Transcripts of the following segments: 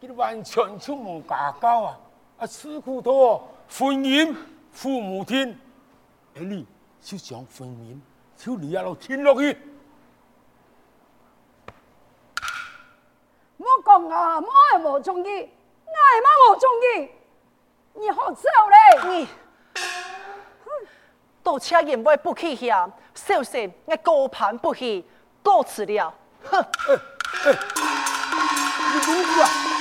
這完全就冇家教啊！啊，水庫多婚姻，父母親，哎、欸、你，就講婚姻，就你也落聽落去。我講啊，冇係冇中意，乃係冇中意，你好走嘞。哼，倒 車人買不起啊，小心我高攀不起，告辭了。哼、 欸欸，你滾去啊！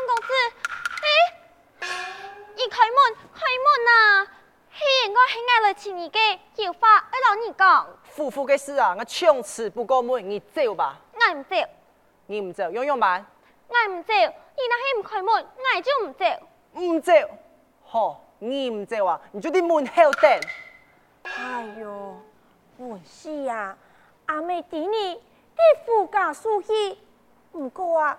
嗯、公子，你開門，開門啊！嘿我愛他應該還挨了你尼個處罰，哎，同你講。夫婦嘅事啊，我從此不過門，你走吧。我唔走。你唔走，用用嘛？我唔走，你若還唔開門，我亦就唔走。唔走，好、哦，你唔走啊，你就啲門後等。哎喲，我、嗯、是啊。阿妹知你啲夫家輸氣，唔過啊。